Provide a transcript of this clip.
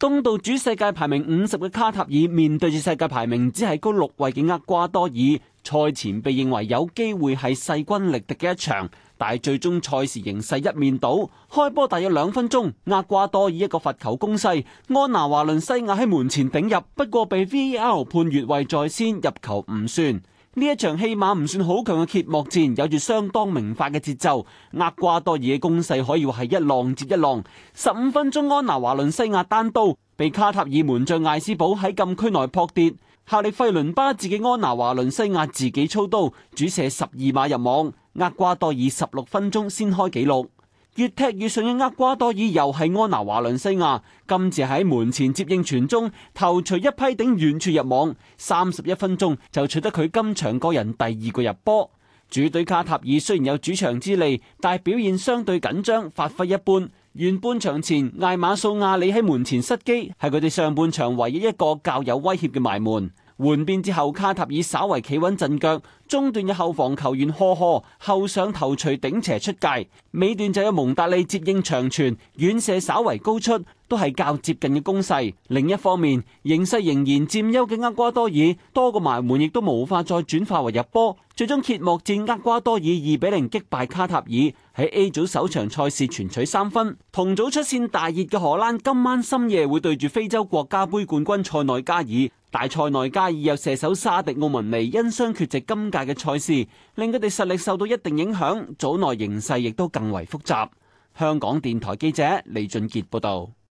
東道主世界排名五十嘅卡塔爾面對住世界排名只係高六位嘅厄瓜多爾，賽前被認為有機會係勢均力敵嘅一場，但係最終賽事形勢一面倒。開波大約兩分鐘，厄瓜多爾一個罰球攻勢，安娜華倫西亞喺門前頂入，不過被 VL 判越位在先，入球唔算。呢一場戲碼唔算好強嘅揭幕戰，有住相當明快嘅節奏。厄瓜多爾嘅攻勢可以話係一浪接一浪。十五分鐘，安娜華倫西亞單刀被卡塔爾門將艾斯堡喺禁區內撲跌，效力費倫巴治自己，安娜華倫西亞自己操刀主射十二碼入網，厄瓜多爾十六分鐘先開紀錄。越踢越順嘅厄瓜多爾又係安娜華倫西亞，今次喺門前接應傳中，頭鎚一批頂遠柱入網，三十一分鐘就取得佢今場個人第二個入波。主隊卡塔爾雖然有主場之利，但係表現相對緊張，發揮一般。完半場前，艾馬素亞里喺門前失機，係佢哋上半場唯一一個較有威脅嘅埋門。換邊之後，卡塔爾稍為企穩陣腳，中段嘅後防球員呵呵，後上頭槌頂斜出界，尾段就有蒙達利接應長傳遠射，稍為高出。都係較接近嘅攻勢。另一方面，形勢仍然佔優嘅厄瓜多爾多個埋門，亦都無法再轉化為入波，最終揭幕戰厄瓜多爾二比零擊敗卡塔爾，喺 A 組首場賽事全取三分。同組出線大熱嘅荷蘭今晚深夜會對住非洲國家杯冠軍塞內加爾。大塞內加爾有射手沙迪奧文尼因傷缺席今屆嘅賽事，令佢哋實力受到一定影響。組內形勢亦都更為複雜。香港電台記者李俊傑報道。